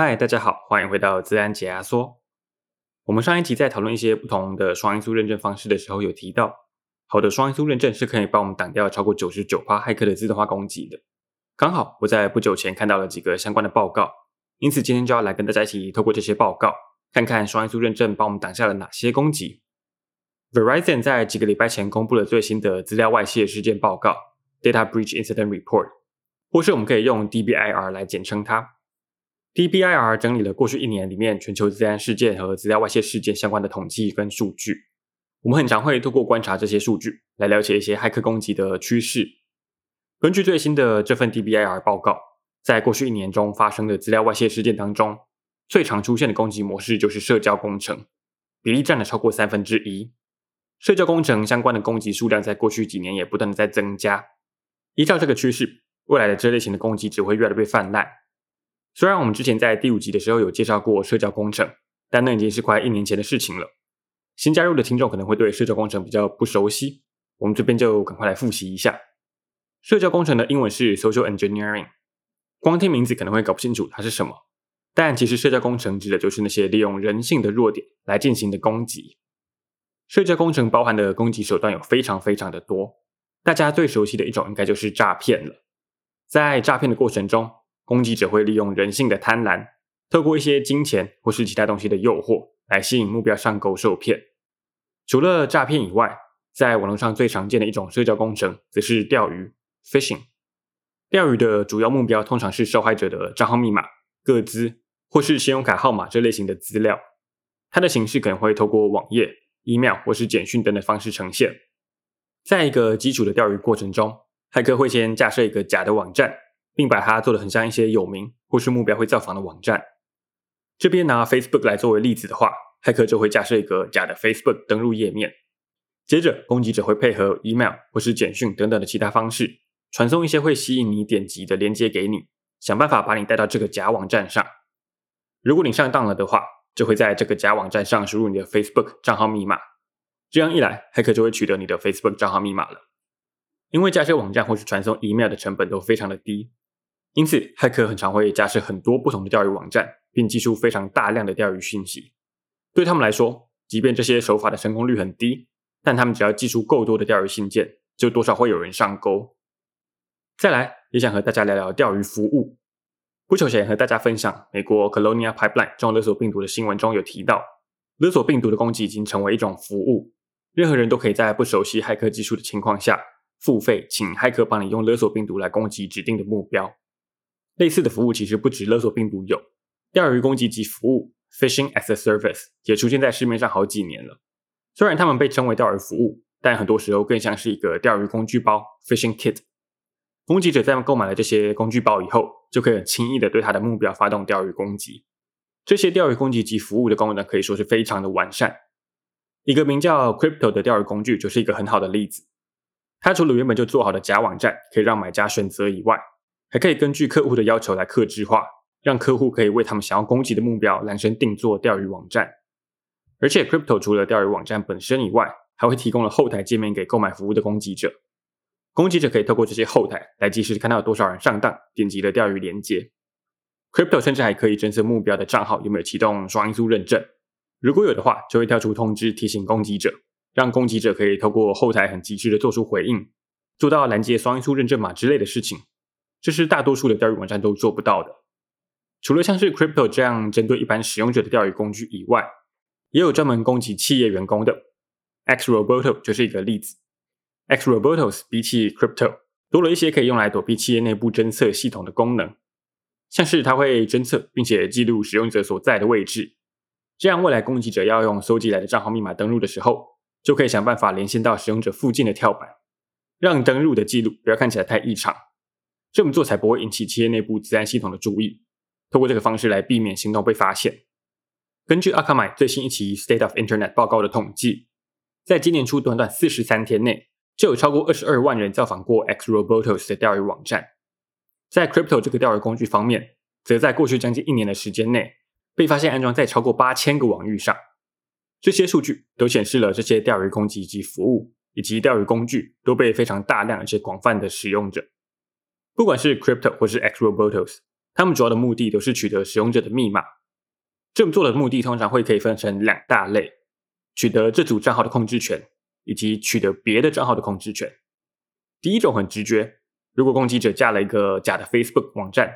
嗨，Hi, 大家好，歡迎回到資安解壓縮。我們上一集在討論一些不同的雙因素認證方式的時候，有提到，好的雙因素認證是可以幫我們擋掉超過九十九%駭客的自動化攻擊的。剛好我在不久前看到了幾個相關的報告，因此今天就要來跟大家一起透過這些報告，看看雙因素認證幫我們擋下了哪些攻擊。Verizon 在幾個禮拜前公布了最新的資料外泄事件報告，Data Breach Incident Report，或是我們可以用 DBIR 來簡稱它。DBIR 整理了過去一年裡面全球自然事件和資料外泄事件相關的統計跟數據。我們很常會透過觀察這些數據來了解一些駭客攻擊的趨勢。根據最新的這份 DBIR 報告，在過去一年中發生的資料外泄事件當中，最常出現的攻擊模式就是社交工程，比例佔了超過三分之一。社交工程相關的攻擊數量在過去幾年也不斷的在增加。依照這個趨勢，未來的這類型的攻擊只會越來越泛濫。雖然我們之前在第五集的時候有介紹過社交工程，但那已經是快一年前的事情了。新加入的聽眾可能會對社交工程比較不熟悉，我們這邊就趕快來複習一下。社交工程的英文是 social engineering。光聽名字可能會搞不清楚它是什麼，但其實社交工程指的就是那些利用人性的弱點來進行的攻擊。社交工程包含的攻擊手段有非常非常的多，大家最熟悉的一種應該就是詐騙了。在詐騙的過程中，攻擊者會利用人性的貪婪，透過一些金錢或是其他東西的誘惑來吸引目標上鈎受騙。除了詐騙以外，在網絡上最常見的一種社交工程則是釣魚 （phishing）。釣魚的主要目標通常是受害者的賬號密碼、個資或是信用卡號碼這類型的資料。它的形式可能會透過網頁、email 或是簡訊等，等的方式呈現。在一個基礎的釣魚過程中，駭客會先架設一個假的網站。並把它做得很像一些有名或是目標會造訪的網站。這邊拿 Facebook 來作為例子的話，駭客就會架設一個假的 Facebook 登入頁面，接着攻擊者會配合 email 或是簡訊等等的其他方式，傳送一些會吸引你點擊的鏈接給你，想辦法把你帶到這個假網站上。如果你上當了的話，就會在這個假網站上輸入你的 Facebook 賬號密碼，這樣一來，駭客就會取得你的 Facebook 賬號密碼了。因為架設網站或是傳送 email 的成本都非常的低。因此，駭客很常會架設很多不同的釣魚網站，並寄出非常大量的釣魚訊息。對他們來說，即便這些手法的成功率很低，但他們只要寄出夠多的釣魚信件，就多少會有人上鈎。再來，也想和大家聊聊釣魚服務。不久前和大家分享美國 Colonial Pipeline 中勒索病毒的新聞中有提到，勒索病毒的攻擊已經成為一種服務，任何人都可以在不熟悉駭客技術的情況下，付費請駭客幫你用勒索病毒來攻擊指定的目標。類似的服務其實不止勒索病毒有，釣魚攻擊及服務 f i s h i n g Access Service） 也出現在市面上好幾年了。雖然他們被稱為釣魚服務，但很多時候更像是一個釣魚工具包 f i s h i n g Kit）。攻擊者在購買了這些工具包以後，就可以很輕易的對他的目標發動釣魚攻擊。這些釣魚攻擊及服務的功能可以說是非常的完善。一個名叫 Crypto 的釣魚工具就是一個很好的例子。它除了原本就做好的假網站可以讓買家選擇以外，還可以根據客戶的要求來客製化，讓客戶可以為他們想要攻擊的目標量身定做釣魚網站。而且，Crypto 除了釣魚網站本身以外，還會提供了後台界面給購買服務的攻擊者。攻擊者可以透過這些後台來及時看到有多少人上當點擊了釣魚鏈接。Crypto 甚至還可以偵測目標的賬號有沒有啟動雙因素認證，如果有的話，就會跳出通知提醒攻擊者，讓攻擊者可以透過後台很及時的做出回應，做到攔截雙因素認證碼之類的事情。這是大多數的釣魚網站都做不到的。除了像是 Crypto 這樣針對一般使用者的釣魚工具以外，也有專門攻擊企業員工的。XRoboto 就是一個例子。XRobotos 比起 Crypto 多了一些可以用來躲避企業內部偵測系統的功能，像是它會偵測並且記錄使用者所在的位置，這樣未來攻擊者要用搜集來的賬號密碼登錄的時候，就可以想辦法連線到使用者附近的跳板，讓登錄的記錄不要看起來太異常。這麼做才不會引起企業內部自然系統的注意，通過這個方式來避免行動被發現。根據阿卡 i 最新一期《State of Internet》報告的統計，在今年初短短四十三天內，就有超過二十二萬人造訪過 X Robots o 的釣魚網站。在 Crypto 這個釣魚工具方面，則在過去將近一年的時間內，被發現安裝在超過八千個網域上。這些數據都顯示了這些釣魚工具以及服務以及釣魚工具都被非常大量而且廣泛的使用者。不管是 crypto 或是 Xrobotos 他們主要的目的都是取得使用者的密碼。這麼做的目的通常會可以分成兩大類：取得這組賬號的控制權，以及取得別的賬號的控制權。第一種很直覺，如果攻擊者架了一個假的 Facebook 網站，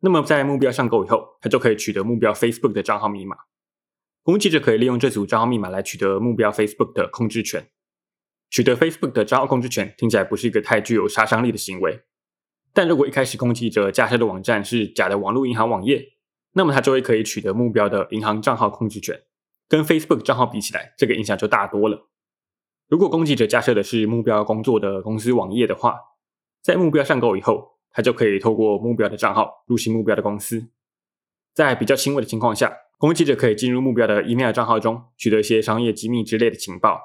那麼在目標上鈎以後，他就可以取得目標 Facebook 的賬號密碼。攻擊者可以利用這組賬號密碼來取得目標 Facebook 的控制權。取得 Facebook 的賬號控制權，聽起來不是一個太具有殺傷力的行為。但如果一開始攻擊者架設的網站是假的網絡銀行網頁，那麼他就會可以取得目標的銀行賬號控制權，跟 Facebook 賬號比起來，這個影響就大多了。如果攻擊者架設的是目標工作的公司網頁的話，在目標上鈎以後，他就可以透過目標的賬號入侵目標的公司。在比較輕微的情況下，攻擊者可以進入目標的 email 賬號中，取得一些商業機密之類的情報。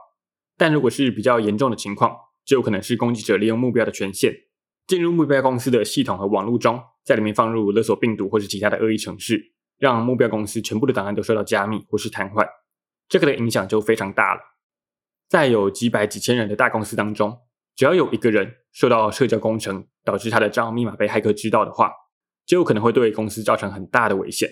但如果是比較嚴重的情況，就有可能是攻擊者利用目標的權限。進入目標公司的系統和網絡中，在裡面放入勒索病毒或是其他的惡意程式，讓目標公司全部的檔案都受到加密或是癱瘓，這個的影響就非常大了。在有幾百幾千人的大公司當中，只要有一個人受到社交工程，導致他的賬號密碼被駭客知道的話，就有可能會對公司造成很大的危險。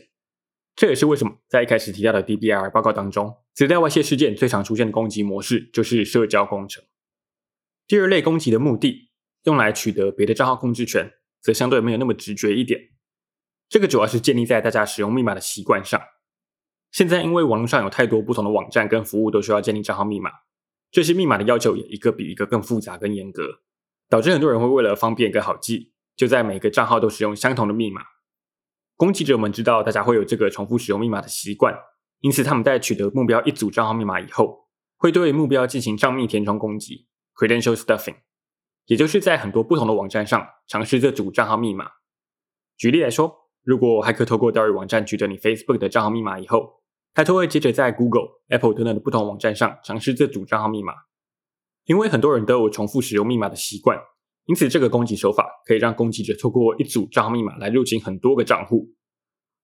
這也是為什麼在一開始提到的 DBR 報告當中，資料外洩事件最常出現的攻擊模式就是社交工程。第二類攻擊的目的。用來取得別的賬號控制權，則相對沒有那麼直覺一點。這個主要是建立在大家使用密碼的習慣上。現在因為網絡上有太多不同的網站跟服務都需要建立賬號密碼，這些密碼的要求也一個比一個更複雜、更嚴格，導致很多人會為了方便跟好記，就在每個賬號都使用相同的密碼。攻擊者們知道大家會有這個重複使用密碼的習慣，因此他們在取得目標一組賬號密碼以後，會對目標進行賬密填充攻擊 （credential stuffing）。Cred 也就是在很多不同的網站上嘗試這組賬號密碼。舉例來說，如果駭客透過釣魚網站取得你 Facebook 的賬號密碼以後，他就會接着在 Google、Apple 等等的不同網站上嘗試這組賬號密碼。因為很多人都有重複使用密碼的習慣，因此這個攻擊手法可以讓攻擊者透過一組賬號密碼來入侵很多個賬戶，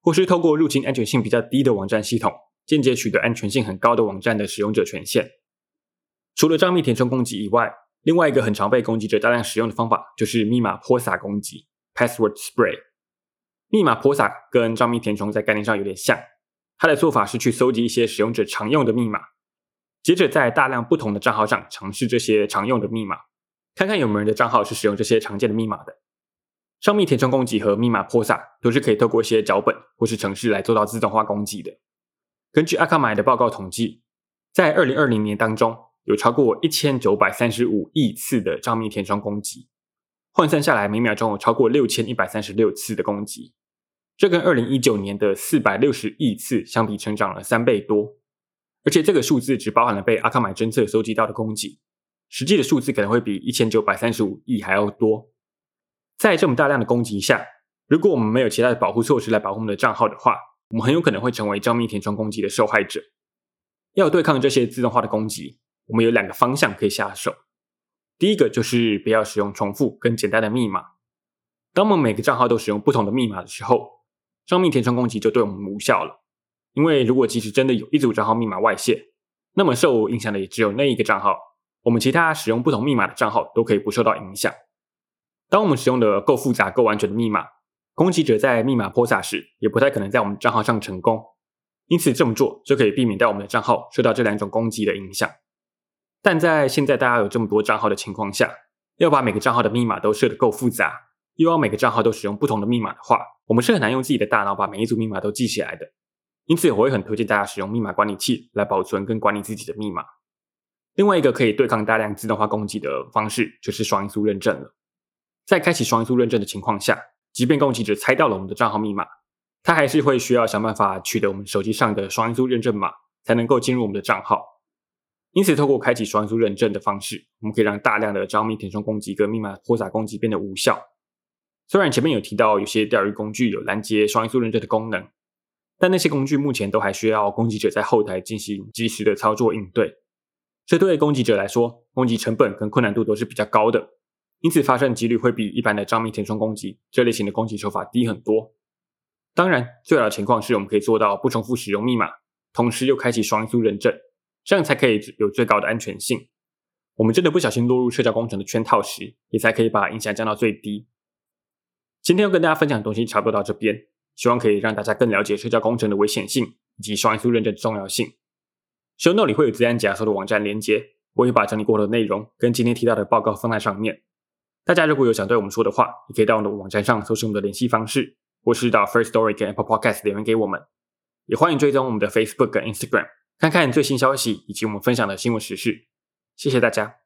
或是透過入侵安全性比較低的網站系統，間接取得安全性很高的網站的使用者權限。除了賬密填充攻擊以外，另外一個很常被攻擊者大量使用的方法，就是密碼潑灑攻擊 （Password Spray）。密碼潑灑跟賬密填充在概念上有點像，它的做法是去蒐集一些使用者常用的密碼，接着在大量不同的賬號上嘗試這些常用的密碼，看看有沒有人的賬號是使用這些常見的密碼的。賬密填充攻擊和密碼潑灑都是可以透過一些腳本或是程式來做到自動化攻擊的。根據 Akamai 的報告統計，在二零二零年當中，有超過一千九百三十五億次的賬密填充攻擊，換算下來，每秒鐘有超過六千一百三十六次的攻擊。這跟二零一九年的四百六十億次相比，成長了三倍多。而且這個數字只包含了被阿卡邁偵測收集到的攻擊，實際的數字可能會比一千九百三十五億還要多。在這麼大量的攻擊下，如果我們沒有其他的保護措施來保護我們的賬號的話，我們很有可能會成為賬密填充攻擊的受害者。要對抗這些自動化的攻擊。我們有兩個方向可以下手。第一個就是不要使用重複跟簡單的密碼。當我們每個賬號都使用不同的密碼的時候，帳密填充攻擊就對我們無效了。因為如果即使真的有一組賬號密碼外泄，那麼受影響的也只有那一個賬號，我們其他使用不同密碼的賬號都可以不受到影響。當我們使用的夠複雜夠完整的密碼，攻擊者在密碼潑灑時也不太可能在我們賬號上成功。因此這麼做就可以避免掉我們的賬號受到這兩種攻擊的影響。但在現在大家有這麼多賬號的情況下，要把每個賬號的密碼都設得夠複雜，又要每個賬號都使用不同的密碼的話，我們是很難用自己的大腦把每一組密碼都記起來的。因此，我會很推薦大家使用密碼管理器來保存跟管理自己的密碼。另外一個可以對抗大量自動化攻擊的方式，就是雙因素認證了。在開啟雙因素認證的情況下，即便攻擊者猜到了我們的賬號密碼，他還是會需要想辦法取得我們手機上的雙因素認證碼，才能夠進入我們的賬號。因此，透過開啟雙因素認證的方式，我們可以讓大量的帳密填充攻擊跟密碼噴灑攻擊變得無效。雖然前面有提到有些釣魚工具有攔截雙因素認證的功能，但那些工具目前都還需要攻擊者在後台進行即時的操作應對。這對攻擊者來說，攻擊成本跟困難度都是比較高的，因此發生幾率會比一般的帳密填充攻擊這類型的攻擊手法低很多。當然，最好的情況是我們可以做到不重複使用密碼，同時又開啟雙因素認證。這樣才可以有最高的安全性。我們真的不小心落入社交工程的圈套時，也才可以把影響降到最低。今天要跟大家分享的東西差不多到這邊，希望可以讓大家更了解社交工程的危險性以及雙因素認證的重要性。Show Note 裡會有資源解說的網站連接，我也把整理過的內容跟今天提到的報告放在上面。大家如果有想對我們說的話，也可以到我們的網站上搜索我們的聯繫方式，或是到 First Story 跟 Apple Podcast 留言給我們，也歡迎追蹤我們的 Facebook 跟 Instagram。看看最新消息以及我們分享的新聞時事，謝謝大家。